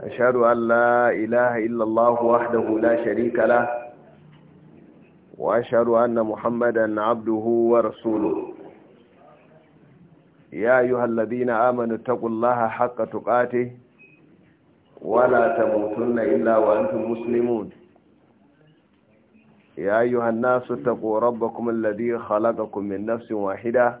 أشهد أن لا إله إلا الله وحده لا شريك له وأشهد أن محمدا عبده ورسوله يا أيها الذين آمنوا اتقوا الله حق تقاته ولا تموتن إلا وأنتم مسلمون يا أيها الناس اتقوا ربكم الذي خلقكم من نفس واحدة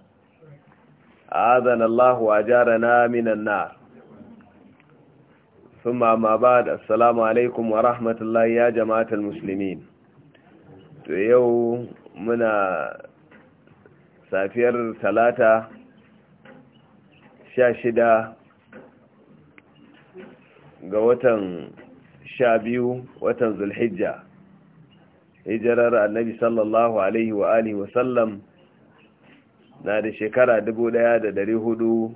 آذن الله وأجارنا من النار ثم ما بعد السلام عليكم ورحمة الله يا جماعة المسلمين يو منا سافير ثلاثة شاشدة قوة شابيو وتنزل حجة هجرر النبي hijirar annabi sallallahu وآله wa وآله wasallam na da shekara dubu daya da dari hudu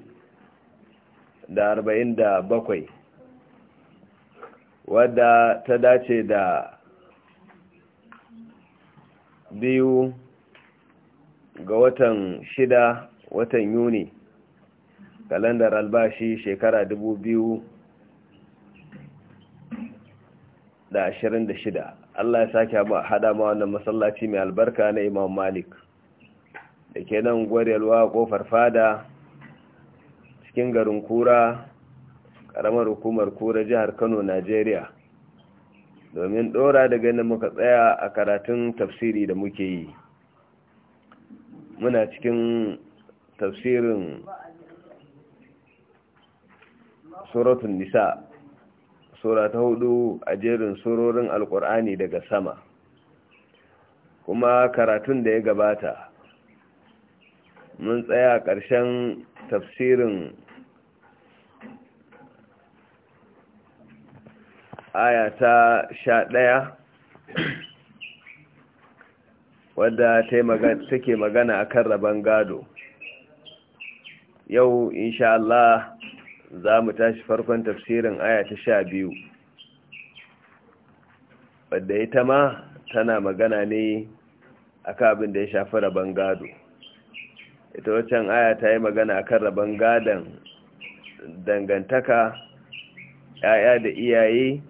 arba'in bakwai wadda ta dace da biyu ga watan shida watan yuni kalandar albashi shekara dubu biyu da ashirin da shida Allah ya sake haɗa ma wannan masallaci mai albarka na Imam Malik da ke nan gwarewa ko fada cikin garin kura karamar hukumar kura jihar kano najeriya domin dora daga gani muka tsaya a karatun tafsiri da muke yi muna cikin tafsirin suratun nisa sura ta hudu a jerin surorin alkur'ani daga sama kuma karatun da ya gabata mun tsaya ƙarshen tafsirin aya ta sha ɗaya wadda take magana a kan rabon gado yau insha Allah za mu tashi farkon tafsirin aya ta sha biyu wadda ita ma tana magana ne a kabin da ya shafi rabon gado ita waccan aya ta yi magana kan rabon gadon dangantaka ‘ya'ya da iyaye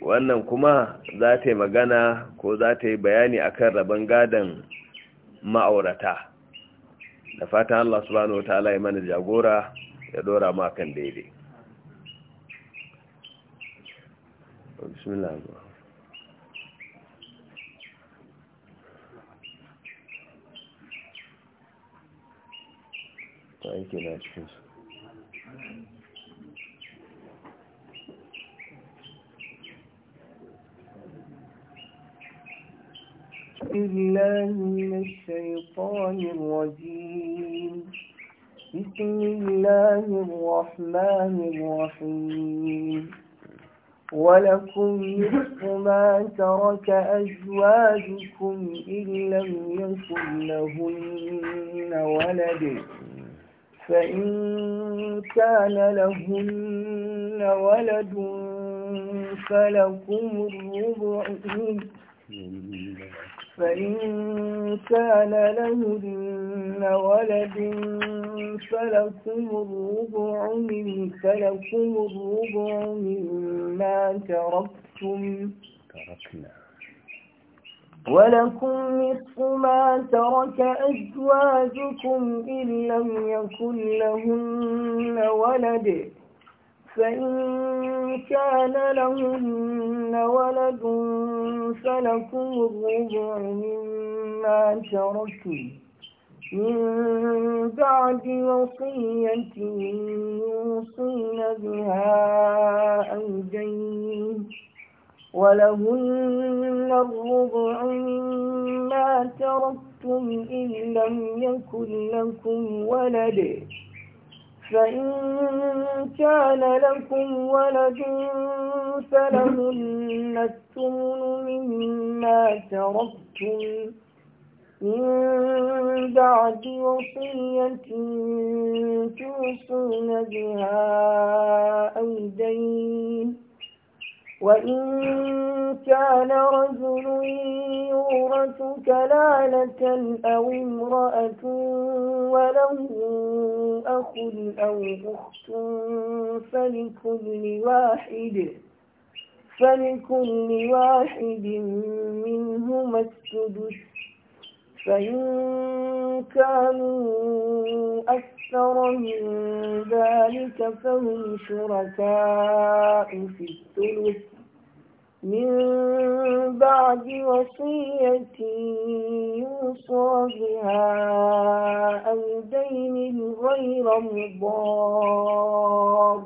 wannan kuma za ta yi magana ko za ta yi bayani a kan rabon gadon ma'aurata da fatan Allah subhanahu wa ta'ala ya mana jagora ya dora ma kan daidai bismillah ke na cikin su الشيطان الرجيم بسم الله الرحمن الرحيم ولكم نصف ما ترك أزواجكم إن لم يكن لهن ولد فإن كان لهن ولد فلكم الربع فإن كان لهن ولد فلكم الربع من فلكم الربع مما تركتم تركنا ولكم نصف ما ترك أزواجكم إن لم يكن لهن ولد فإن كان لهن ولد فلكم الرجع مما تركوا من بعد وصية يوصين بها أو دين ولهن الربع مما تركتم إن لم يكن لكم ولد فإن كان لكم ولد فلهن الثمن مما تركتم من بعد وصية توصون بها أو دين وإن كان رجل يورث كلالة أو امرأة وله أخ أو أخت فلكل واحد فلكل واحد منهما السدس فإن كانوا أكثر من ذلك فهم شركاء في الثلث من بعد وصية يوصى بها أو دين غير مضار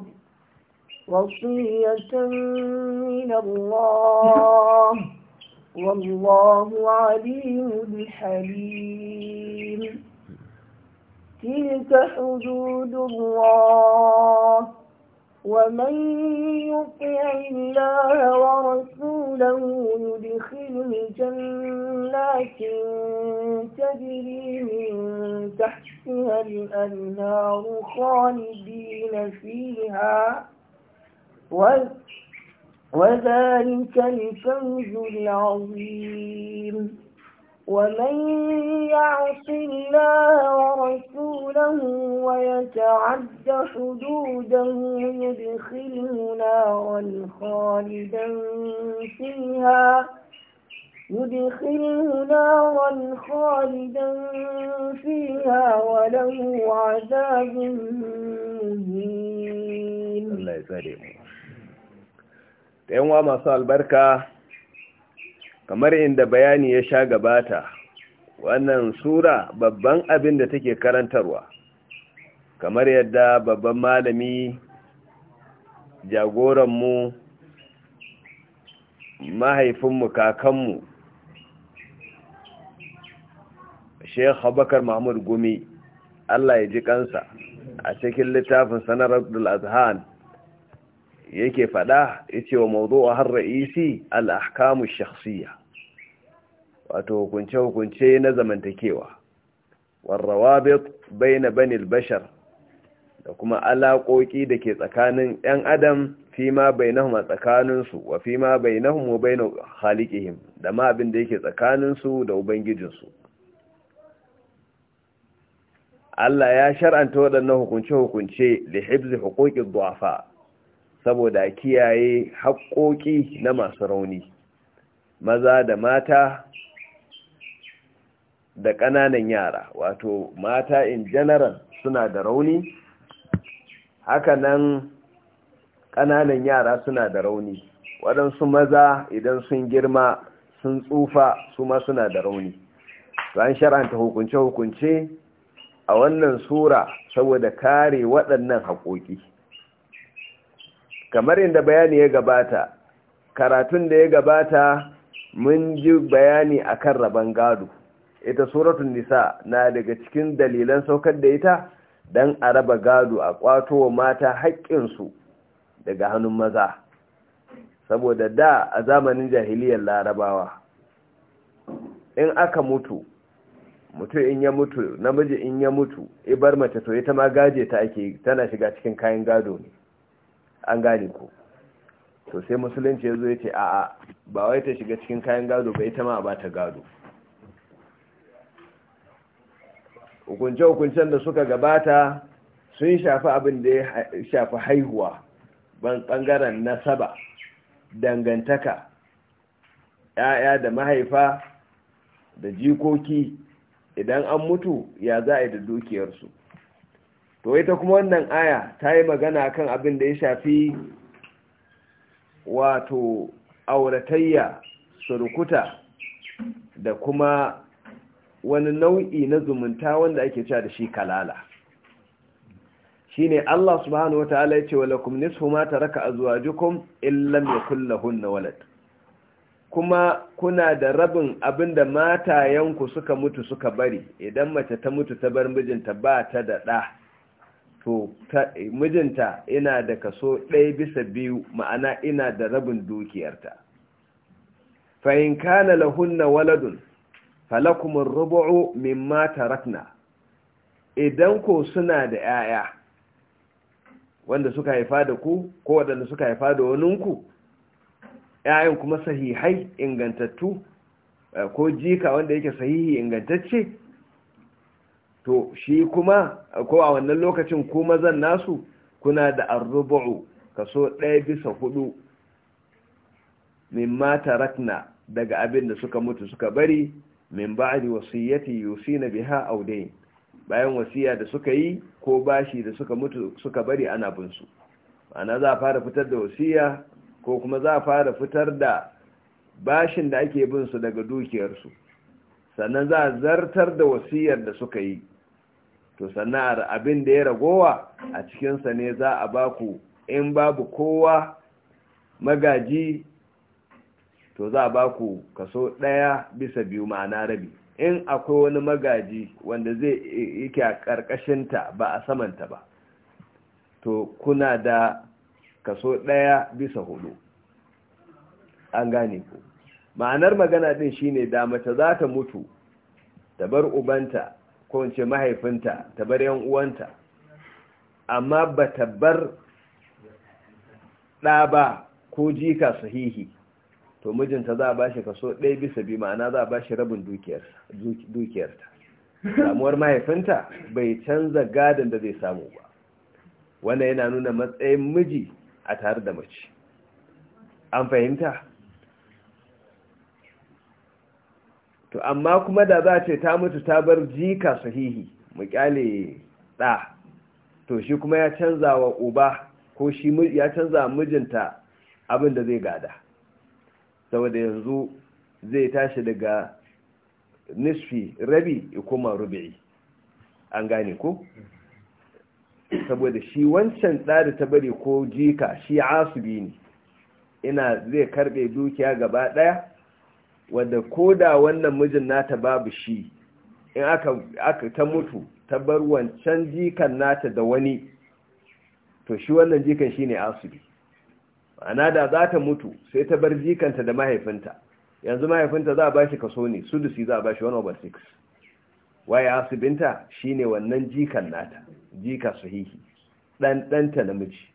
وصية من الله والله عليم حليم تلك حدود الله ومن يطع الله ورسوله يدخله جنات تجري من تحتها الأنهار خالدين فيها وذلك الفوز العظيم ومن يعص الله ورسوله ويتعد حدوده يدخله نارا خالدا فيها يدخله نارا خالدا فيها وله عذاب مهين الله يسلمك 'yan wa masu albarka kamar inda bayani ya sha gabata wannan sura babban abin da take karantarwa kamar yadda babban malami jagoranmu mahaifinmu kakanmu sheikh abubakar mahmud gumi allah ya ji kansa a cikin littafin sanar azhan yake fada yace wa mawdu'a har ra'isi al-ahkamu shakhsiyya wato hukunce hukunce na zamantakewa rawabit bayna bani al-bashar da kuma alaƙoƙi da ke tsakanin 'yan adam fi ma bainahum a tsakaninsu wa fi ma bainahum wa bainu halikihim da ma abin da yake tsakaninsu da ubangijinsu Allah ya shar'anta waɗannan hukunce-hukunce li hibzi zuwa du'afa saboda kiyaye haƙoƙi na masu rauni maza da mata da ƙananan yara wato mata in general suna da rauni nan ƙananan yara suna da rauni waɗansu maza idan sun girma sun tsufa su ma suna da rauni ran shar'anta hukunce-hukunce a wannan sura saboda kare waɗannan haƙoƙi kamar inda bayani ya gabata karatun da ya gabata mun ji bayani akan rabon gado ita suratun nisa na daga cikin dalilan saukar da ita don a raba gado a kwato wa mata haƙƙinsu daga hannun maza saboda da a zamanin jahiliyar larabawa in aka mutu mutu in ya mutu namiji in ya mutu ibar mace to ita ma gaje ta ake tana shiga cikin kayan gado ne an gane ko to sai musulunci ya zo ya ce a'a ba wai ta shiga cikin kayan gado ba ita ma ba ta gado hukunce-hukuncen da suka gabata sun shafi abin da ya shafi haihuwa ban ɓangaren nasaba dangantaka ‘ya'ya da mahaifa da jikoki idan an mutu ya za a yi da dukiyarsu to ita kuma wannan aya ta yi magana kan abin da ya shafi wato auratayya surukuta da kuma wani nau'i na zumunta wanda ake cewa da shi kalala shine Allah subhanahu wataala yace lakum nisfu ma taraka azwajukum illam ma lahunna walad kuma kuna da rabin abinda matayenku suka mutu suka bari idan mace ta mutu ta bar mijinta ba ta da ɗa to mijinta ina da kaso ɗaya bisa biyu ma'ana ina da rabin dukiyarta fahim kana lahunna waladun falakumin rubu'u mata rakna. idan ko suna da ‘ya'ya wanda suka haifa da ku ko waɗanda suka haifa da waninku ‘ya'yan kuma sahihai ingantattu eh, ko jika wanda yake sahihi ingantacce to shi kuma ko a wannan lokacin ku mazan nasu kuna da arrubu kaso ɗaya bisa min mata rakna daga abin da suka mutu suka bari min ba'di wasiyati yusina biha aw dayn bayan wasiya da suka yi ko bashi da suka mutu suka bari ana bin su ana za fara fitar da wasiya ko kuma za fara fitar da bashin da ake bin su daga dukiyar su? sannan za zartar da wasiyar da suka yi to sana'ar abin da ya ragowa a cikinsa ne za a baku in babu kowa magaji to za a baku kaso ɗaya bisa biyu ma'ana rabi in akwai wani magaji wanda zai yake a ƙarƙashinta ba a samanta ba to kuna da kaso ɗaya bisa hudu an gane ku ma'anar magana ɗin shine da mace za ta mutu ta bar ubanta ko ce mahaifinta ta bar yan uwanta amma ba ta bar ɗa ba ko jika sahihi to mijinta za a ba kaso ɗaya bisa biyu ma'ana za a ba rabin dukiyarta samuwar mahaifinta bai canza gadon da zai samu ba wannan yana nuna matsayin miji a tare da mace an fahimta to amma kuma da za ce ta mutu ta bar jika sahihi mu kyale ɗa to shi kuma ya canza wa uba ko shi ya canza mijinta abin da zai gada saboda yanzu zai tashi daga nisfi rabi ya koma rubi an gane ko saboda shi wancan tsari ta bari ko jika shi asubi ne ina zai karbe dukiya gaba daya wanda ko da wannan mijin nata babu shi in aka ta mutu ta bar wancan jikan nata da wani to shi wannan jikan shi ne asibi ana da za ta mutu sai ta bar jikanta da mahaifinta yanzu mahaifinta za a ba shi kaso ne sudusi za a ba shi 1 6 waye asibinta shi ne wannan jikan nata jika sahihi ɗanɗanta namiji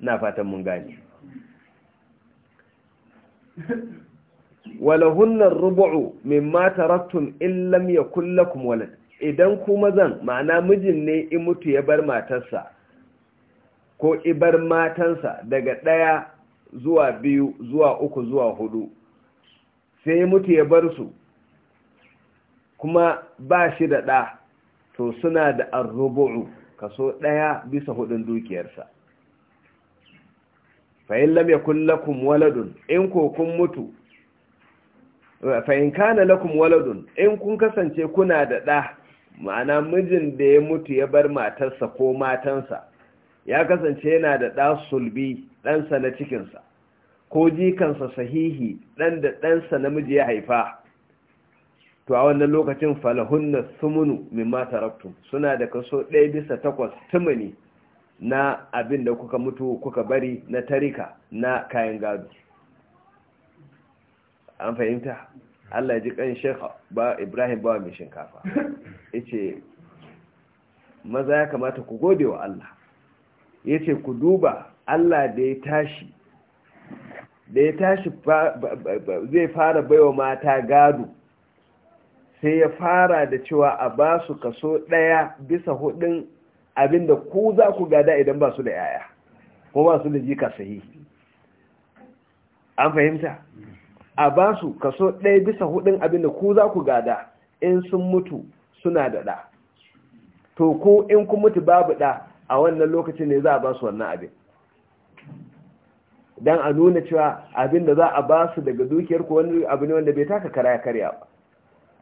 na fatan mun gane walahunnar rubu'u mimma taraktum in lam yakul lakum walad idan ku mazan ma'ana mijin ne in mutu ya bar matarsa ko ibar matansa daga ɗaya zuwa biyu zuwa uku zuwa hudu sai mutu ya bar su kuma ba shi da ɗa to suna da arrubu'u kaso ɗaya bisa hudun dukiyarsa fa'in lam yakul lakum waladun in ko kun mutu fa'in kana lakum waladun in kun kasance kuna da ɗa ma'ana mijin da ya mutu ya bar matarsa ko matansa ya kasance yana da ɗa sulbi ɗansa na cikinsa ko jikansa sahihi ɗan da ɗansa namiji ya haifa to a wannan lokacin falahunna sumunu min mata suna da kaso ɗaya bisa takwas tumuni na abin da kuka mutu kuka bari na tarika na kayan gado an fahimta Allah ji kan Sheikh ba Ibrahim ba mai shinkafa yace maza ya kamata ku gode wa Allah yace ku duba Allah da ya tashi da ya tashi zai fara baiwa mata gado sai ya fara da cewa a ba su kaso ɗaya bisa hudun abinda ku za ku gada idan ba su da yaya ko ba su da jika sahihi an fahimta a ba su kaso ɗaya bisa hudun abinda ku za ku gada in sun mutu suna da ɗa to ku in ku mutu babu ɗa a wannan lokacin ne za a ba su wannan abin don a nuna cewa abinda za a ba su daga dukiyar ku wani abu ne wanda bai taka kara karya ba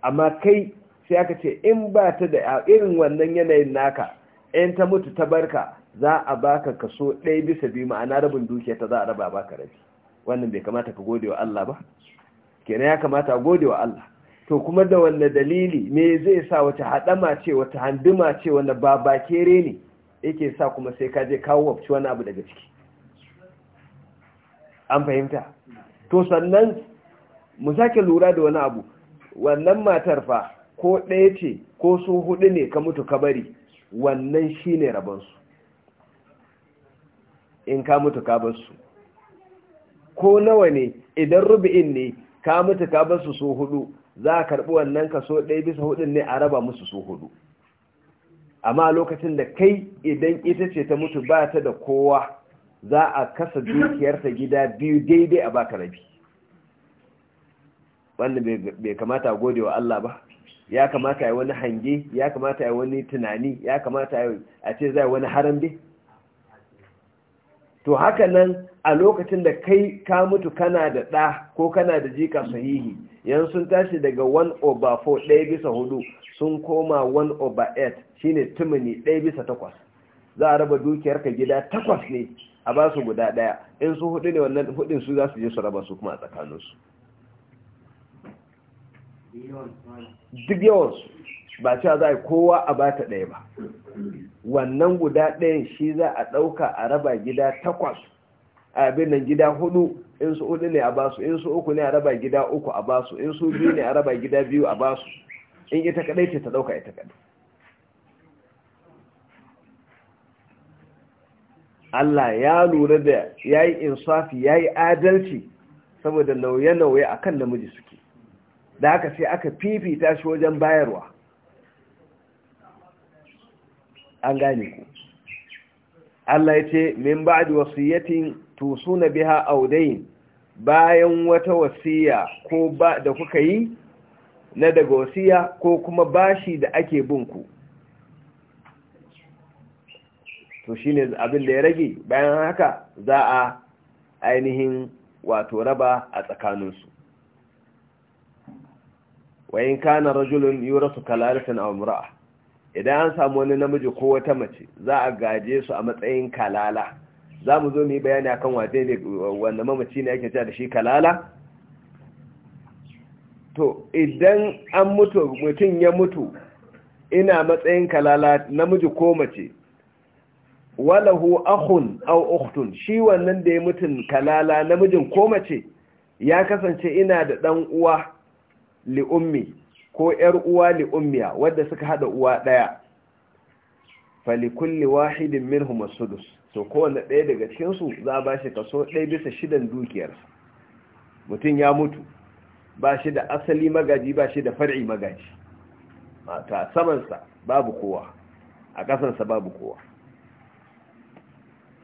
amma kai sai aka ce in ba ta da irin wannan yanayin naka in ta mutu ta barka za a baka kaso ɗaya bisa biyu ma'ana rabin dukiya ta za a raba baka rabi wannan bai kamata ka gode wa Allah ba kenan ya kamata gode wa Allah to kuma da wanne dalili me zai sa wata hadama ce wata handuma ce wannan ba bakere ne yake sa kuma sai ka je kawo wabci wani abu daga ciki an fahimta to sannan mu sake lura da wani abu wannan matar fa ko ɗaya ce ko su hudu ne ka mutu ka bari wannan shine su. in ka mutu ka bar su ko nawa ne idan rubu'in ne ka mutu ka bar su so hudu za a karbi wannan kaso ɗaya bisa hudun ne a raba musu so hudu amma lokacin da kai idan ita ce ta mutu ba ta da kowa za a kasa dukiyarta gida biyu daidai a baka rabi wannan bai kamata a gode wa Allah ba ya kamata ya wani hange ya kamata ya wani tunani ya kamata a ce zai wani harambe to haka nan a lokacin da kai ka mutu kana da ɗa ko kana da jika sahihi yan sun tashi daga 1 over 4 ɗaya bisa hudu sun koma 1 over 8 ne timini ɗaya bisa takwas za a raba dukiyarka gida takwas ne a ba su guda ɗaya in su hudu ne wannan hudun su za su je su raba su kuma a tsakaninsu duk yawansu ba ce za a kowa a ba ta ɗaya ba wannan guda ɗayan shi za a ɗauka a raba gida takwas abin nan gida hudu in su hudu ne a basu in su uku ne a raba gida uku a basu in su biyu ne a raba gida biyu a basu in ita kaɗai ce ta ɗauka ita kaɗai. Allah ya lura da ya yi insafi ya yi adalci saboda nauye-nauye a kan namiji suke da haka sai aka fifita shi wajen bayarwa an gane ku Allah ya ce min ba'd wasiyatin tusuna biha audain bayan wata wasiya ko ba da kuka yi na daga wasiya ko kuma bashi da ake bin ku to shine abin da ya rage bayan haka za a ainihin wato raba a tsakaninsu wayin kana rajulun yurasu kalalatin aw mura'a. idan an samu wani namiji ko wata mace za a gaje su a matsayin kalala za mu zo mu yi bayani a kan wace ne wanda mamaci ne yake cewa da shi kalala to idan an mutu mutum ya mutu ina matsayin kalala namiji ko mace walahu akhun aw ukhtun shi wannan da ya mutun kalala namijin ko mace ya kasance ina da dan uwa li ummi ko ‘yar uwa li ummiya wadda suka haɗa uwa ɗaya falikulli wahidin minhu sudus to kowane ɗaya daga cikin su za bashi ba shi kaso ɗaya bisa shidan dukiyarsa mutum ya mutu ba shi da asali magaji ba shi da far'i magaji ta sa babu kowa a sa babu kowa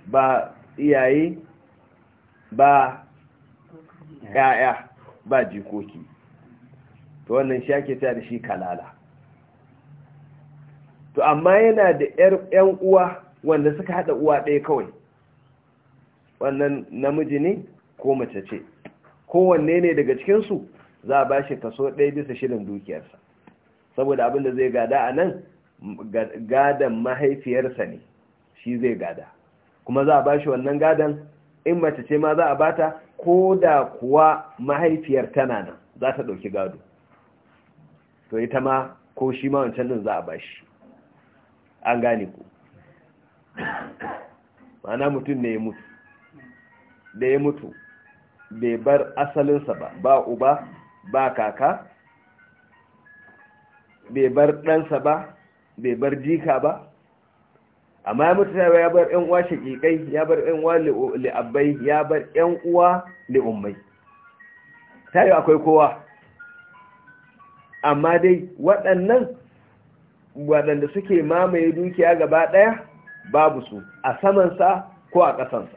ba iyaye ba ‘ya'ya ba jikoki to wannan shi ake da shi kalala to amma yana da ‘yan uwa wanda suka haɗa uwa ɗaya kawai wannan namiji ne ko mace ce kowanne ne daga cikinsu za a ba shi kaso ɗaya bisa shirin dukiyarsa saboda abin da zai gada a nan gadan mahaifiyarsa ne shi zai gada kuma za a ba shi wannan gadon. in mace ce ma za a bata ko da kuwa mahaifiyar tana nan za ta ɗauki gado to ita ma ko shi ma wancan nan za a bashi an gane ku ma'ana mutum ne ya mutu da ya mutu bai bar asalinsa ba ba uba ba kaka bai bar ɗansa ba bai bar jika ba amma ya mutu ya bar yan uwa shakikai ya bar yan uwa li'abbai ya bar yan uwa li'ummai tayo akwai kowa amma dai waɗannan waɗanda suke mamaye dukiya gaba ɗaya babu su a samansa ko a ƙasansa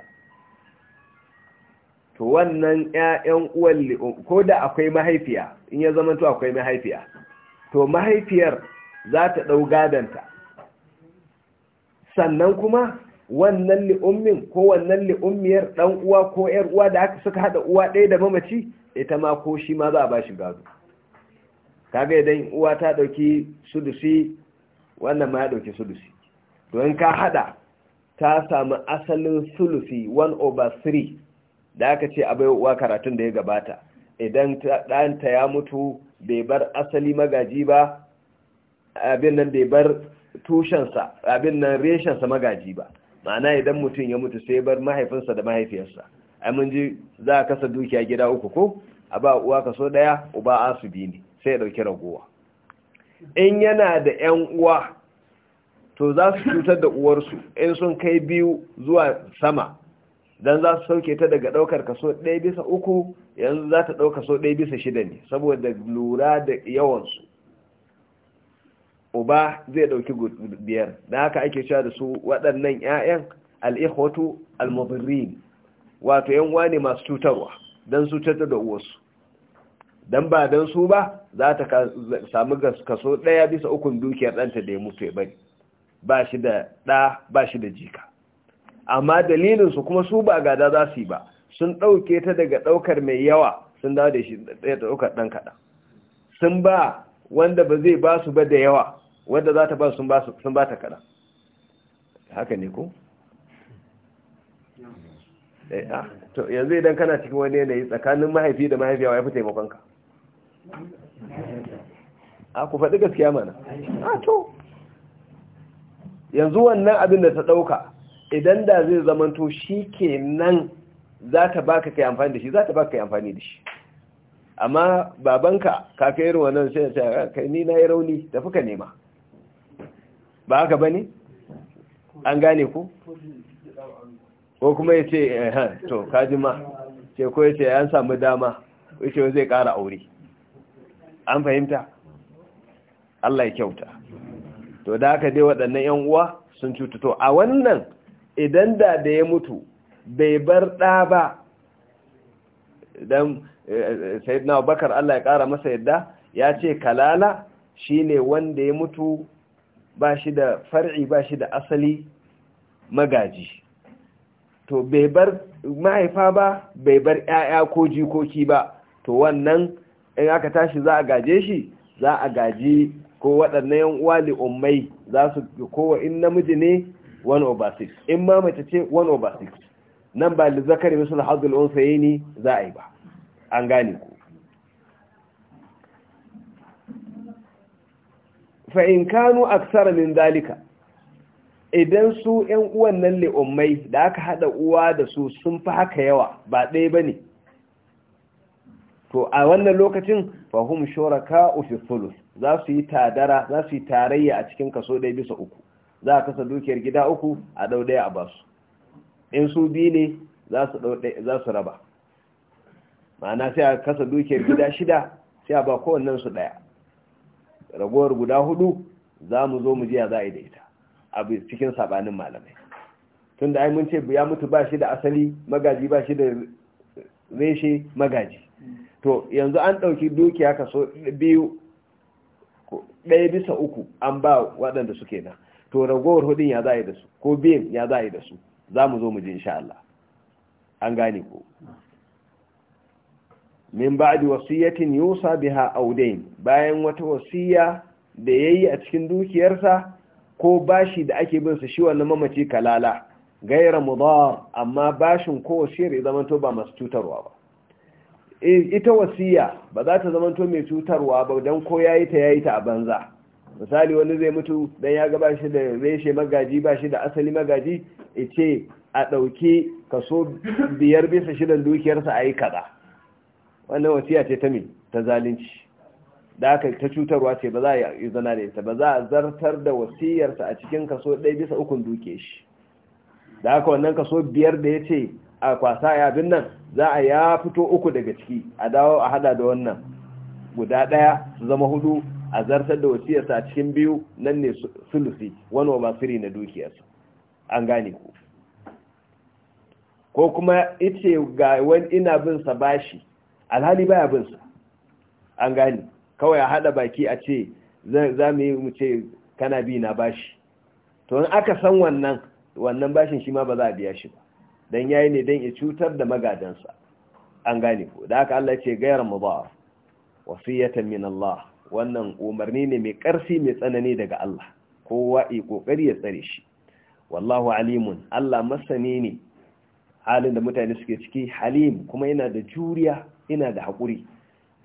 to wannan ‘ya'yan uwan ko da akwai mahaifiya in ya zama to akwai mahaifiya to mahaifiyar za ta ɗau gadanta sannan kuma wannan li'ummin ko wannan li'ummiyar ɗan uwa ko ‘yar uwa da aka suka haɗa uwa ɗaya da mamaci ita ma ko shi ma za a ba shi gado kaga idan uwa ta dauki sudusi wannan ma ya dauki sudusi to in ka hada ta samu asalin sulusi 1 over 3 da aka ce a baiwa uwa karatun da ya gabata idan ɗanta ya mutu bai bar asali magaji ba abin nan bai bar tushensa abin nan reshensa magaji ba ma'ana idan mutum ya mutu sai bar mahaifinsa da mahaifiyarsa ai ji za a kasa dukiya gida uku ko a ba uwa kaso ɗaya, uba asu ne sai ya ɗauki ragowa in yana da 'yan uwa to za su cutar da uwarsu in sun kai biyu zuwa sama don za su sauke ta daga ɗaukar kaso 1 bisa uku yanzu za ta ɗauka kaso 1 bisa shida ne saboda lura da yawansu uba zai ɗauki biyar da haka ake cewa da su waɗannan 'ya'yan al'ihotu al wato 'yan uwa ne masu cutarwa don su cutar da uwarsu dan ba dan su ba za ta samu kaso ɗaya bisa ukun dukiyar ɗanta da ya mutu ya bari ba shi da ɗa ba shi da jika amma dalilinsu kuma su ba gada za su yi ba sun ɗauke ta daga ɗaukar mai yawa sun dawo da shi ɗaya ɗaukar ɗan kaɗan sun ba wanda ba zai ba su ba da yawa wanda za ta ba su sun ba ta kaɗan haka ne ko? Eh, ah, yanzu idan kana cikin wani yanayi tsakanin mahaifi da mahaifiyawa ya fi taimakonka a ku faɗi gaskiya mana a to yanzu wannan abin da ta ɗauka idan da zai zamanto shi ke nan za ta baka kai amfani da shi za ta baka kai amfani da shi amma babanka ka kai irin wannan sai ta kai ni na yi rauni da ka nema ba haka ba ne an gane ku ko kuma ya ce to kajima ce ko ya ce an samu dama wuce zai ƙara aure an fahimta Allah ya kyauta to da aka dai waɗannan ‘yan uwa sun to a wannan idan da da ya mutu bai bar ɗa ba don eh, eh, sayyidina bakar Allah ya ƙara masa yadda ya ce kalala shine wanda ya mutu ba shi da far'i ba shi da asali magaji to bai bar mahaifa ba bai bar ‘ya'ya ko jikoki ba to wannan in aka tashi za a gaje shi za a gaji ko waɗannan yan uwa li'ummai za su kowa in namiji ne 1 over 6 in mamata ce 1 over 6 nan ba da zakari misal hazul ne za a yi ba an gane ku fa’in in kanu aksara min dalika idan su yan uwan nan li'ummai da aka hada uwa da su sun fi haka yawa ba ɗaya ne. to a wannan lokacin fahim shuraka fi thuluth za su yi tadara za su yi tarayya a cikin kaso ɗaya bisa uku za a kasa dukiyar gida uku a ɗau ɗaya a basu in su biyu ne za su raba ma'ana sai a kasa dukiyar gida shida sai a ba kowannen su ɗaya ragowar guda hudu za mu zo mu jiya za a yi da ita a cikin sabanin malamai tunda ai mun ce ya mutu ba shi da asali magaji ba shi da reshe magaji to yanzu an ɗauki dukiya kaso biyu ɗaya bisa uku an ba waɗanda suke na to ragowar hudun ya za yi da su ko biyan ya za yi da su za mu zo mu ji insha Allah an gane ko min ba'di wasiyatin yusa biha audain bayan wata wasiya da yayi a cikin dukiyarsa ko bashi da ake bin sa shi wannan mamaci kalala gaira mudar amma bashin ko wasiyar ya zama to ba masu cutarwa ba Eh, ita wasiya ba za ta zamanto mai cutarwa ba don ko ya yi ta ya yi ta a banza misali wani zai mutu don ya gaba shi da reshe magaji ba shi da asali magaji ce a ɗauki kaso biyar bisa shidan dukiyarsa a yi kaɗa wannan wasiya ce ta mai ta zalunci da aka ta cutarwa ce ba za a yi zana da ita ba za a zartar da wasiyarsa a cikin kaso ɗaya bisa ukun duke shi da aka wannan kaso biyar da ya ce a kwasa ya abin nan za a ya fito uku daga ciki a dawo a hada da wannan guda daya su zama hudu a zartar da wasiyarsa a cikin biyu nan ne sulusi wani siri na dukiyarsa an gane ku ko kuma ice ga wani ina bin sa bashi alhali baya bin sa an gane kawai a hada baki a ce za mu yi mu ce kana bi na bashi to in aka san wannan wannan bashin shi ma ba za a biya shi ba dan yayi ne dan ya cutar da magadansa an gane ko da haka Allah ce gayar ba. wasiyatan min Allah wannan umarni ne mai ƙarfi mai tsanani daga Allah kowa yi kokari ya tsare shi wallahu alimun Allah masani ne halin da mutane suke ciki halim kuma ina da juriya ina da hakuri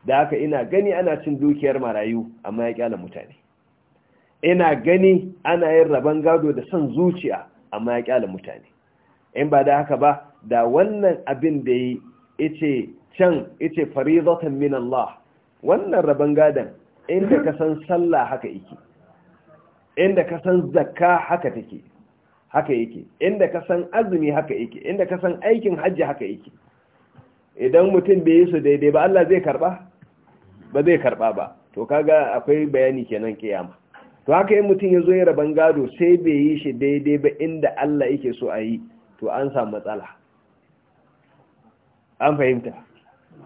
da haka ina gani ana cin dukiyar marayu amma ya kyala mutane ina gani ana yin rabon gado da son zuciya amma ya kyala mutane in ba da haka ba da wannan abin da yi ice can ice faridatan min Allah wannan rabon gadan inda ka san sallah haka yake inda ka san zakka haka take haka yake inda ka san azumi haka yake inda ka san aikin hajji haka yake idan mutum bai yi su daidai ba Allah zai karba ba zai karba ba to kaga akwai bayani kenan kiyama to haka yin mutum ya zo ya gado sai bai yi shi daidai ba inda Allah yake so a yi to an samu matsala an fahimta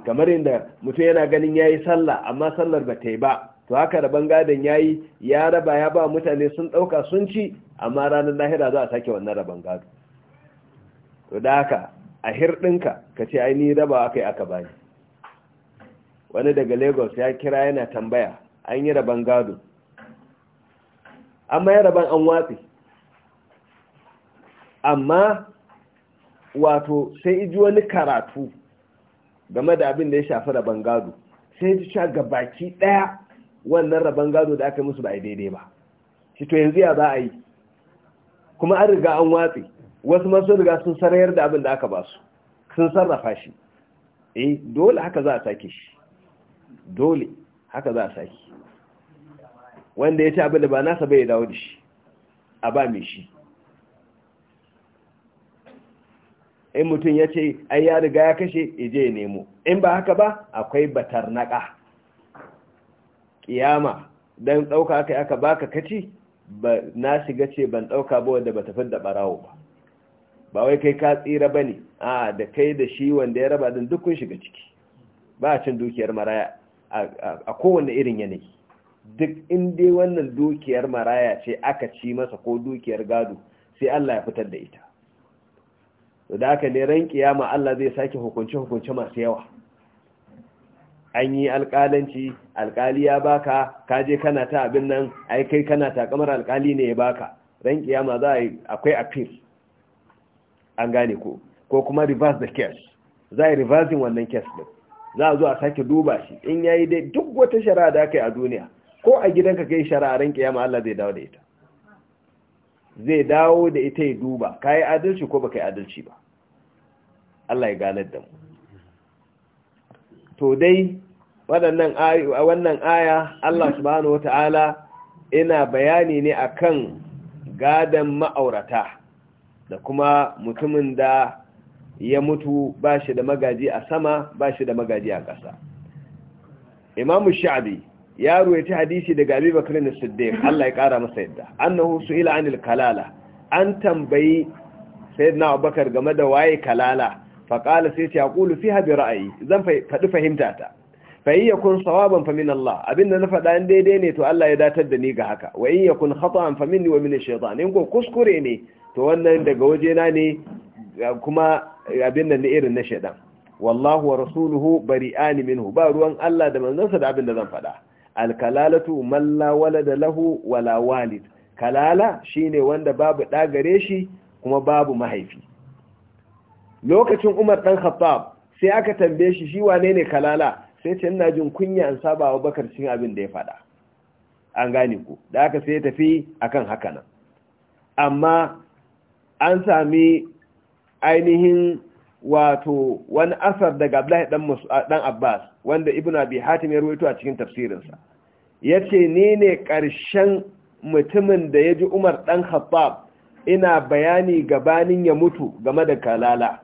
kamar inda mutum yana ganin yayi sallah amma sallar ba ta yi ba to haka rabon gadon yayi ya raba ya ba mutane sun ɗauka sun ci amma ranar lahira za a sake wannan raban gado to da haka a hirɗinka ka ce ai ni raba aka yi aka bani wani daga lagos ya kira yana tambaya an yi rabon gado amma ya raban an watsi amma wato sai iji wani karatu game da abin da ya shafi rabon gado sai ji sha ga baki ɗaya wannan rabon gado da aka musu ba a daidai ba shi to yanzu ya za a yi kuma an riga an watsi wasu masu riga sun sarayar da abin da aka ba su sun sarrafa shi eh dole haka za a sake shi dole haka za a sake wanda ya ci abin da ba nasa bai dawo da shi a ba mai shi in mutum ya ce ai ya riga ya kashe ije ya nemo in ba haka ba akwai batar Ƙiyama, ƙiyama don ɗauka aka yi aka baka kaci na shiga ce ban ɗauka ba wanda ba tafi da ɓarawo ba ba wai kai ka tsira ba ne a da kai da shi wanda ya raba don duk shiga ciki ba a cin dukiyar maraya a kowane irin yanayi duk inda wannan dukiyar maraya ce aka ci masa ko dukiyar gado sai Allah ya fitar da ita to da aka ne ran kiyama Allah zai sake hukunci hukunci masu yawa an yi alƙalanci alƙali ya baka kaje kana ta abin nan ai kai kana ta kamar alƙali ne ya baka ran kiyama za a yi akwai appeal an gane ko ko kuma reverse the case za a yi reversing wannan case din za a zo a sake duba shi in yayi dai duk wata shari'a da aka yi a duniya ko a gidanka kai shari'a ran kiyama Allah zai dawo da ita zai dawo da ita ya duba ka yi adalci ko baka yi adalci ba Allah ya ganar da mu to dai waɗannan wannan aya Allah subhanahu wata'ala ina bayani ne akan gadan ma'aurata da kuma mutumin da ya mutu ba shi da magaji a sama ba shi da magaji a ƙasa imamu sha'abi Yaro ya ci hadisi daga Abi Bakr as-Siddiq Allah ya kara masa yadda annahu su'ila anil kalala an tambayi sayyidina Abubakar game da waye kalala fa qala ce ya ƙulu fiha bi ra'ayi zan faɗi fahimta ta fa in yakun sawaban fa min Allah abinda na faɗa in daidai ne to Allah ya datar da ni ga haka wa in yakun khata'an fa minni wa min ash-shaytan ko kuskure ne to wannan daga wajena ne kuma abin nan ne irin na shaytan wallahu wa rasuluhu bari'an minhu ba ruwan Allah da manzansa da abin da zan faɗa alkalalatu man la walada lahu wala walid kalala shine wanda babu da gare shi kuma babu mahaifi lokacin Umar dan Khattab sai aka tambaye shi shi wane ne kalala sai ce ina jin kunya an saba wa Bakar cin abin da ya faɗa. an gane ku da aka sai ya tafi akan haka nan amma an sami ainihin wato wani asar daga Abdullahi dan Abbas wanda Ibn Abi Hatim ya rawaito a cikin tafsirinsa yace ni ne ƙarshen mutumin da yaji Umar dan Khattab ina bayani gabanin ya mutu game da kalala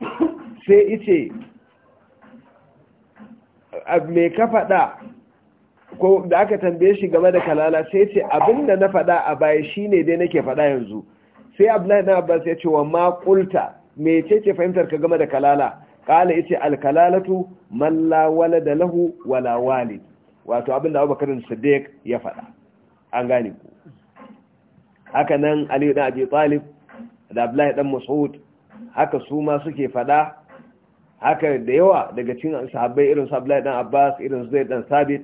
sai ice me ka faɗa ko da aka tambaye shi game da kalala sai ce abinda na faɗa a baya shine dai nake faɗa yanzu sai Abdullahi dan Abbas ya ce wa ma qulta mecece fahimtar ka game da kalala kala yace alkalalatu man la walada lahu wala wali wato abinda Abubakar Siddiq ya faɗa an gane ku haka nan Ali ibn Abi Talib da Abdullahi dan Mas'ud haka su ma suke faɗa haka da yawa daga cikin sahabbai irin su Abdullahi dan Abbas irin Zaid dan Sabit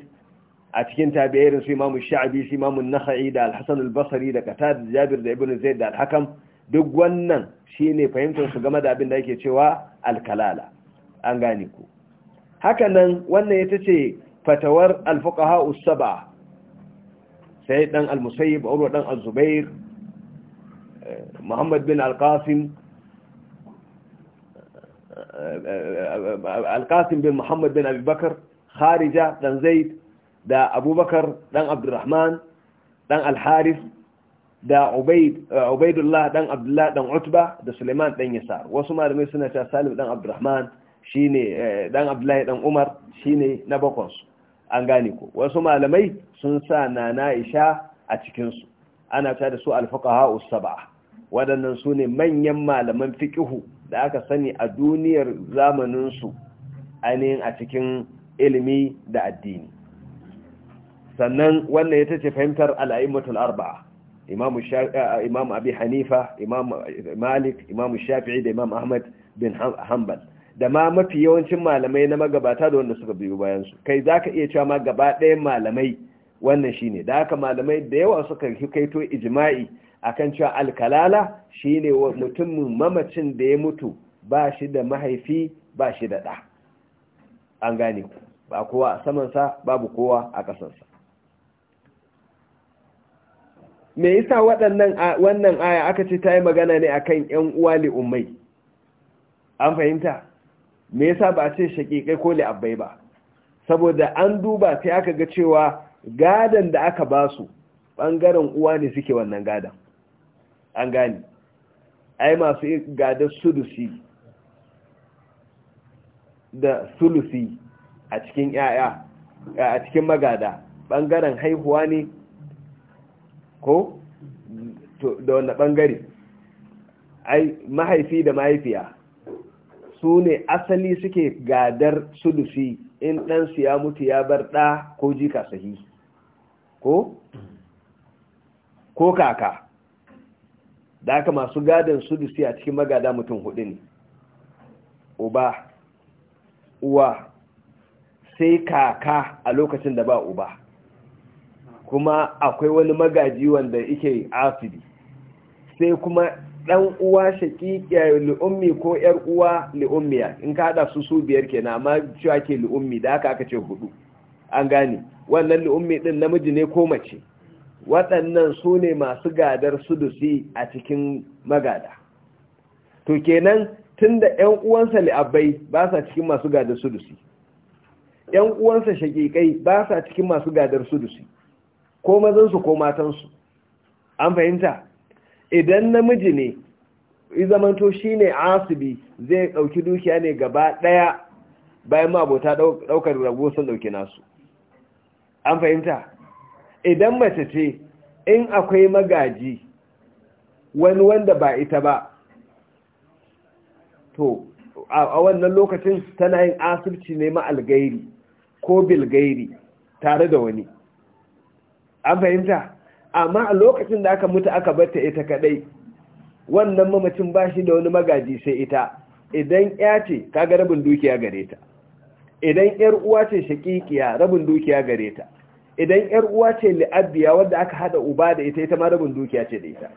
a cikin tabi'ai irin su Imam Sha'bi su Imam nakhai da Al-Hasan Al-Basri da Qatada da Jabir da Ibn Zaid da Al-Hakam duk wannan shine fahimtar su game da abin da yake cewa alkalala an gane ku hakanan wannan ita ce fatawar alfukaha usaba sai dan al urwa dan eh, muhammad bin al-qasim eh, al bin muhammad bin abubakar kharija dan zaid da abubakar dan abdurrahman dan al-harith da Ubaidullah uh, dan Abdullah dan Utba da Suleiman dan Yasar wasu malamai suna cewa Salim dan Abdurrahman shine eh, dan Abdullahi dan Umar shine na bakon su an gane ko wasu malamai sun sa Nana Aisha a cikin su ana cewa da su al-fuqaha us-sab'a waɗannan su ne manyan malaman fiqihu da aka sani a duniyar zamanin su ainihin a cikin ilimi da addini sannan wannan ita ce fahimtar al-a'immatul arba'a imam abi hanifa imam malik imam shafi'i da imam ahmad bin hanbal da ma mafi yawancin malamai na magabata da wanda suka biyu bayansu kai za ka iya cewa ma gaba malamai wannan shi ne da haka malamai da yawa suka kaito ijima'i akan cewa alkalala shi ne mutumin mamacin da ya mutu ba shi da mahaifi ba shi da d'a. an gane ku ba kowa a sa, babu kowa a ƙasansa me yasa waɗannan wannan aya aka ce ta yi magana ne a kan 'yan uwa li'ummai an fahimta me yasa ba a ce shaƙiƙai ko li'abbai ba saboda an duba sai aka ga cewa gadan da aka ba su ɓangaren uwa ne suke wannan gadan an gani ai masu gadar sulusi da sulusi a cikin 'ya'ya a cikin magada ɓangaren haihuwa ne ko da wanda bangare ai mahaifi da mahaifiya su ne asali suke gadar sulusi in ɗansu ya mutu ya bar ɗa ko jika sahi ko ko kaka da aka masu gadon sulusi a cikin magada mutum hudu ne uba uwa sai kaka a lokacin da ba uba kuma akwai wani magaji wanda yake afidi sai kuma dan uwa li eh, ummi ko yar uwa ummiya in ka hada su su biyar kenan amma cewa ke ummi da haka aka ce hudu an gane wannan ummi din namiji ne ko mace waɗannan su ne masu gadar sudusi a cikin magada to kenan tunda 'yan uwansa li'abbai ba sa cikin masu gadar sudusi 'yan uwansa shakikai ba sa cikin masu gadar sudusi ko mazansu ko matansu an fahimta idan namiji ne izamanto shi ne asibi zai ɗauki dukiya ne gaba ɗaya bayan mabota ɗaukar rago sun ɗauki nasu an fahimta idan mace ce in akwai magaji wani wanda ba ita ba to a wannan lokacin tana yin asibci ne ma'algairi ko bilgairi tare da wani an fahimta amma a lokacin da aka mutu aka batta ita kadai wannan mamacin ba shi da wani magaji sai ita idan ya ce kaga rabin dukiya gare ta idan yar uwa ce shakikiya rabin dukiya gare ta idan yar uwa ce li'abiya wadda aka hada uba da ita ita ma rabin dukiya ce da ita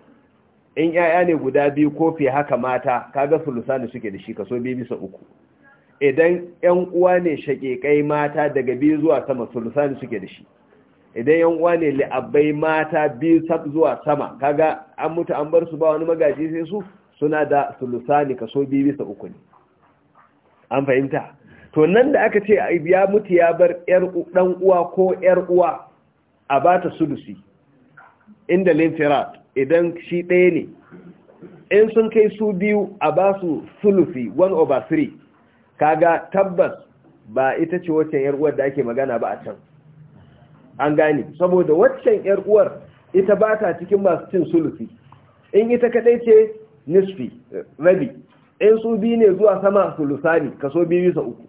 in yaya ne guda biyu ko fi haka mata kaga ne suke da shi kaso biyu bisa uku idan yan uwa ne shakikai mata daga biyu zuwa sama ne suke da shi idan yan uwa ne li'abbai mata biyu sak zuwa sama kaga an mutu an bar su ba wani magaji sai su suna da sulusani kaso biyu bisa uku ne an fahimta to nan da aka ce ya mutu ya bar yar dan uwa ko yar uwa a bata sulusi inda linfirat idan shi ɗaya ne in sun kai su biyu a ba su sulusi one over three kaga tabbas ba ita ce wacce yar uwar da ake magana ba a can an gane saboda waccan yar uwar ita ba ta cikin masu cin sulusi in ita kadai ce nisfi rabi in su biyu ne zuwa sama sulusani kaso biyu sa uku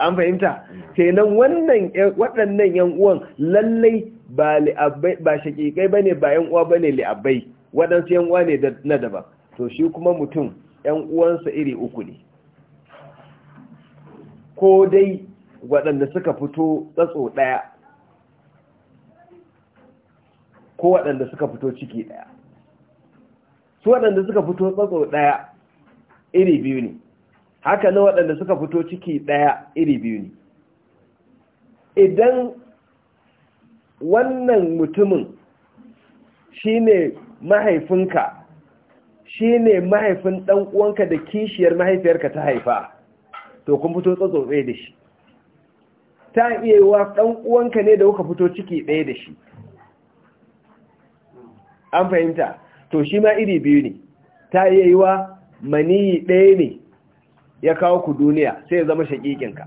an fahimta kenan wannan waɗannan yan uwan lallai ba li'abbai ba shakikai bane ba yan uwa bane li'abbai waɗansu yan uwa ne na daban to shi kuma mutum yan uwansa iri uku ne ko dai waɗanda suka fito tsatso ɗaya ko waɗanda suka fito ciki ɗaya su waɗanda suka fito tsatso ɗaya iri biyu ne haka na waɗanda suka fito ciki ɗaya iri biyu ne idan wannan mutumin shi ne mahaifinka shi ne mahaifin ɗan'uwanka, da kishiyar mahaifiyarka ta haifa to kun fito tsatso ɗaya da shi ta iya yi wa ne da kuka fito ciki ɗaya da shi an fahimta to shi ma iri biyu ne ta iya yi wa maniyi ɗaya ne ya kawo ku duniya sai ya zama shaƙiƙinka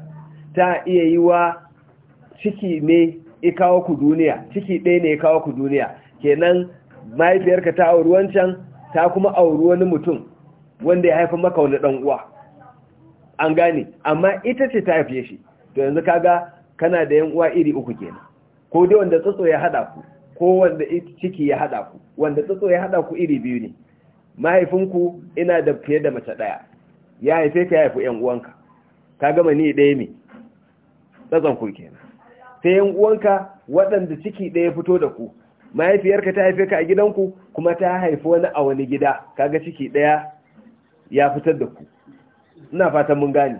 ta iya yi wa ciki ne ya kawo ku duniya ciki ɗaya ne ya kawo ku duniya kenan mahaifiyarka ta auri wancan ta kuma auri wani mutum wanda ya haifa maka wani ɗan uwa an gane amma ita ce ta haife shi to yanzu kaga kana da yan uwa iri uku kenan ko dai wanda tsotso ya haɗa ku ko wanda ciki ya haɗa ku wanda tsatso ya haɗa ku iri biyu ne mahaifinku ina da fiye da mace ɗaya ya haife ka ya haifi ‘yan uwanka ka gama ni ɗaya ne tsatson ku kenan sai ‘yan uwanka waɗanda ciki ɗaya fito da ku mahaifiyarka ta haife ka a gidanku kuma ta haifi wani a wani gida kaga ciki ɗaya ya fitar da ku ina fatan mun gane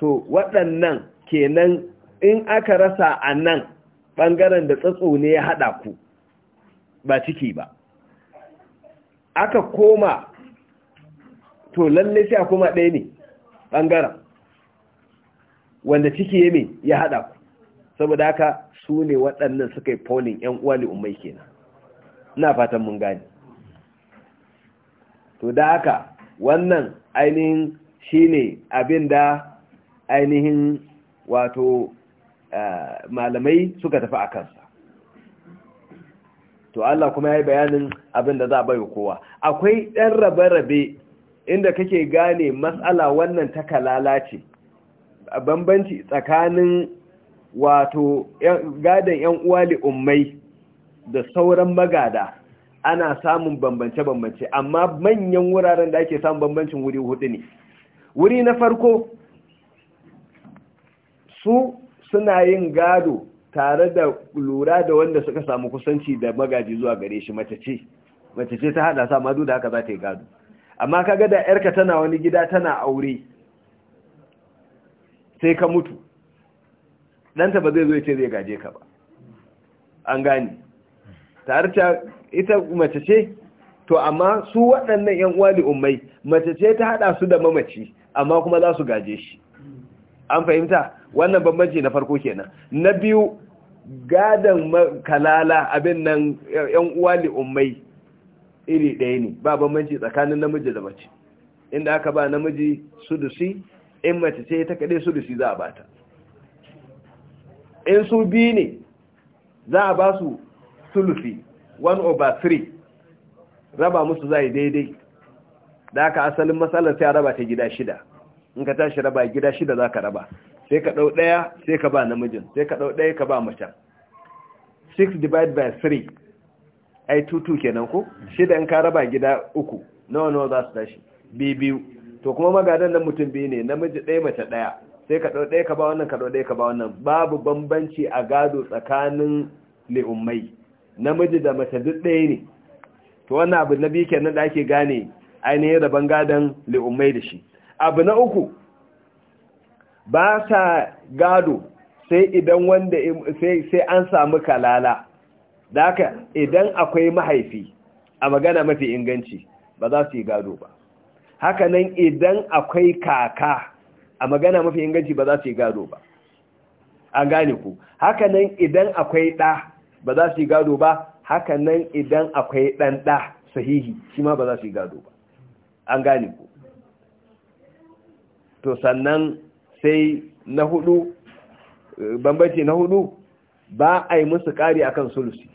to waɗannan kenan in aka rasa a nan ɓangaren da tsatso ne ya haɗa ku ba ciki ba aka koma to lalle sai a koma ɗaya ne ɓangaren wanda ciki ya ya haɗa ku saboda haka su ne waɗannan suka yi faunin 'yan uwa umai kenan na fatan mun gani to da haka wannan ainihin shi ne abin da ainihin wato eh, malamai suka tafi a kansa to Allah kuma ya yi bayanin abin da za a bai kowa akwai ɗan rabe-rabe inda kake gane matsala wannan ta kalala ce bambanci tsakanin wato gadon yan uwa ummai da sauran magada ana samun bambance-bambance amma manyan wuraren da ake samun bambancin wuri hudu ne wuri na farko su suna yin gado tare da lura da wanda suka samu kusanci da magaji zuwa gare shi mace ce ta hada sa madu da haka za ta yi gado amma kaga da yarka tana wani gida tana aure sai ka mutu ɗanta ba zai zo ce zai gaje ka ba an gani tare ta ita mace to amma su waɗannan yan uwa ummai mace ta hada su da mamaci amma kuma za su gaje shi an fahimta wannan bambanci na farko kenan na biyu gadan kalala abin nan yan uwa li'ummai iri ɗaya ne ba bambanci tsakanin namiji da mace inda aka ba namiji sudusi in mace ce ta kade sudusi za a ba ta in su biyu ne za a ba su sulusi 1 over 3 raba musu zai daidai da aka asalin matsalar sai araba raba ta gida shida in ka tashi raba gida shida za ka raba sai ka ɗau ɗaya sai ka ba namijin sai ka ɗau ɗaya ka ba macen 6 divided by 3 ai 2 kenan ku shida in ka raba gida uku nawa nawa za su tashi biyu to kuma magadan nan mutum biyu ne namiji ɗaya mace ɗaya sai ka ɗau ɗaya ka ba wannan ka ɗau ɗaya ka ba wannan babu bambanci a gado tsakanin li'ummai namiji da mace duk ɗaya ne to wannan abu na biyu kenan da ake gane ainihin rabon gadon li'ummai da shi abu na uku ba sa gado sai idan wanda sai an samu kalala da idan akwai mahaifi a magana mafi inganci ba za su yi gado ba hakanan idan akwai kaka a magana mafi inganci ba za su yi gado ba an gane ku hakanan idan akwai ɗa ba za su yi gado ba hakanan idan akwai ɗan ɗa sahihi shi ma ba za su yi gado ba an gane ku to sannan sai na hudu bambanci na hudu ba a yi musu kari akan sulusi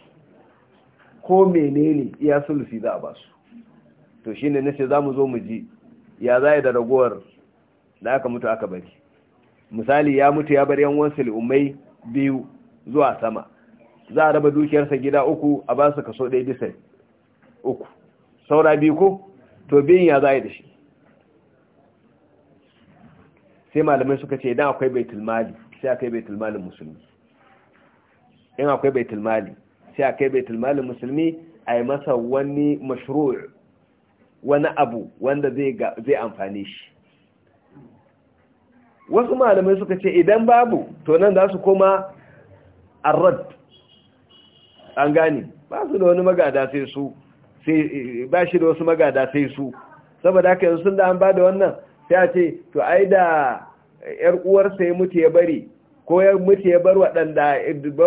ko menene iya sulusi za a ba su to shine nace za mu zo mu ji ya za da ragowar da aka mutu aka bari misali ya mutu ya bar yan wasu biyu zuwa sama za a raba dukiyarsa gida uku a ba su kaso ɗaya bisa uku saura biyu ko to biyun ya za da shi sai malamai suka ce idan akwai baitul mali sai akai baitul musulmi in akwai baitul mali sai akai baitul musulmi a yi masa wani mashruu wani abu wanda zai amfani shi wasu malamai suka ce idan babu to nan za su koma arrad an gani ba su da wani magada sai su ba shi da wasu magada sai su saboda haka yanzu sun da an ba da wannan ta ce to ai da yar uwarsa ya mutu ya bari ko ya mutu ya bar waɗanda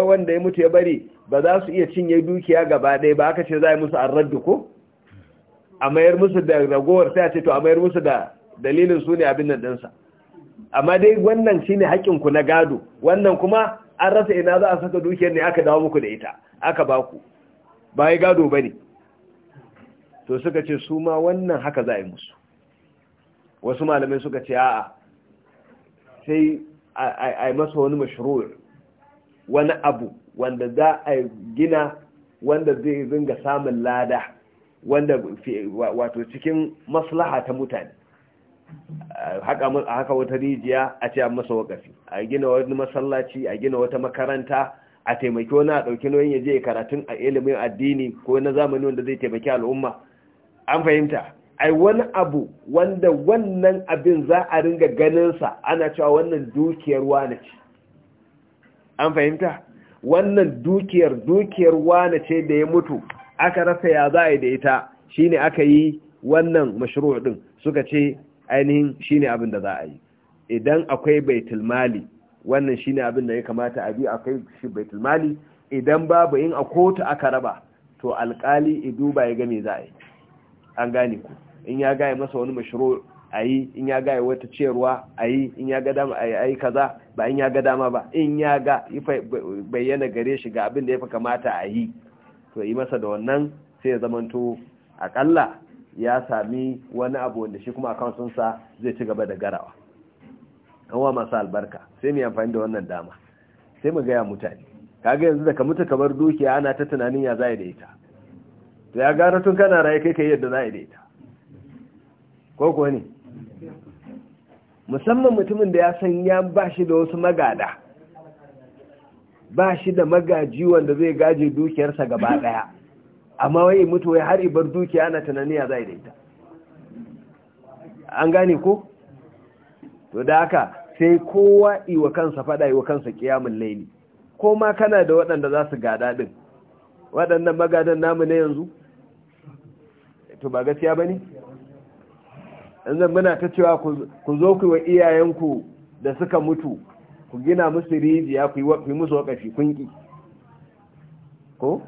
wanda ya mutu ya bari ba za su iya cinye dukiya gaba ɗaya ba aka ce za a yi musu arraddu ko a mayar musu da ragowar sai a ce to a mayar musu da dalilin su ne abin nan ɗinsa amma dai wannan shine haƙƙinku na gado wannan kuma an rasa ina za a saka dukiyar ne aka dawo muku da ita aka ba ku ba gado ba ne to suka ce su ma wannan haka za a yi musu wasu malamai suka ce a sai a masa wani mashirur wani abu wanda za a gina wanda zai zinga samun lada wanda wato cikin maslaha ta mutane haka wata rijiya a ce a masa wakafi a gina wani masallaci a gina wata makaranta a taimaki wani a ɗauki nauyin ya je karatun a ilimin addini ko na zamani wanda zai taimaki al'umma an fahimta ai wani abu wanda wannan abin za a ringa ganinsa ana cewa wannan dukiyar wane ce an fahimta wannan dukiyar dukiyar wane ce da ya mutu aka rasa ya za a da ita shine aka yi wannan mashru' din suka ce ainihin shine abin da za a yi idan akwai baitul mali wannan shine abin da ya kamata a bi akwai shi baitul mali idan babu yin a kotu aka raba to alkali iduba ya ga za a yi an gane ku in ya gaya masa wani mashiro a yi in ya gaya wata ciyarwa a yi in ya ga dama a yi kaza ba in ya ga dama ba in ya ga bayyana gare shi ga abin da ya fi kamata a yi to yi masa da wannan sai ya zamanto akalla ya sami wani abu wanda shi kuma sa zai ci gaba da garawa kanwa masu albarka sai mu amfani da wannan dama sai mu gaya mutane kaga yanzu da ka mutu kamar dukiya ana ta tunanin ya za da ita to ya gara tun kana raye kai yi yadda za da ita ko kuwa ne musamman mutumin da ya san ya ba shi da wasu magada ba shi da magaji wanda zai gaje dukiyarsa gaba daya amma wai mutu har ibar dukiya na tunaniya zai daita an gane ko? to da haka sai kowa iwa kansa fada iwa kansa kiyamun laili ko ma kana da waɗanda za su gada din waɗannan magadan namu ne yanzu? to ba gaskiya ba ne? yanzu muna ta cewa ku zo ku wa iyayenku da suka mutu ku gina musu rijiya ku yi musu wakafi kunki ko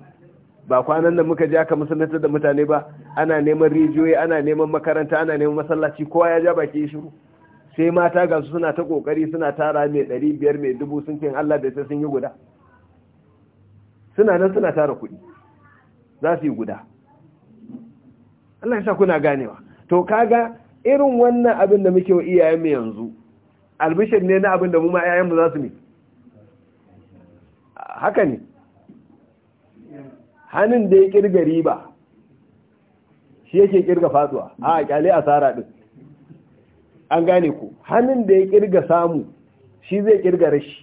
ba kwanan da muka ji aka musulunta da mutane ba ana neman rijiyoyi ana neman makaranta ana neman masallaci kowa ya ja baki shiru sai mata ga su suna ta kokari suna tara mai ɗari biyar mai dubu sun kin Allah da sai sun yi guda suna nan suna tara kuɗi za su yi guda Allah ya sa kuna ganewa to kaga irin wannan abin da muke wa iyayenmu yanzu albishir ne na abin da mu ma iyayenmu za su ne haka ne hannun da ya kirga riba shi yake kirga fatuwa a kyale asara din an gane ku hannun da ya kirga samu shi zai kirga rashi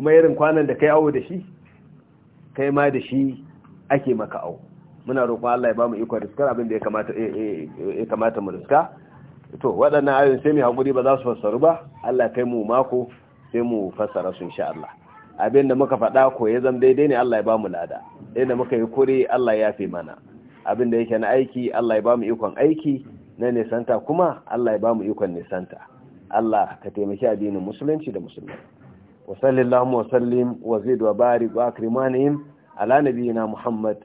kuma irin kwanan da kai awo da shi kai ma da shi ake maka awo muna roƙon Allah ya bamu iko riskar abin da ya kamata eh, eh, eh, ya kamata mu riska to waɗannan ayoyin sai mu hakuri ba za su fassaru ba Allah kai mu mako sai mu fassara su insha Allah abin da muka faɗa ko ya zama daidai ne Allah ya bamu lada inda muka yi kure Allah ya fi mana abin da yake na aiki Allah ya bamu ikon aiki na nisanta kuma Allah ya bamu ikon nisanta Allah ka taimaki addinin musulunci da musulmai wa sallallahu wa sallim wa zid wa barik wa akrimanihim ala nabiyina muhammad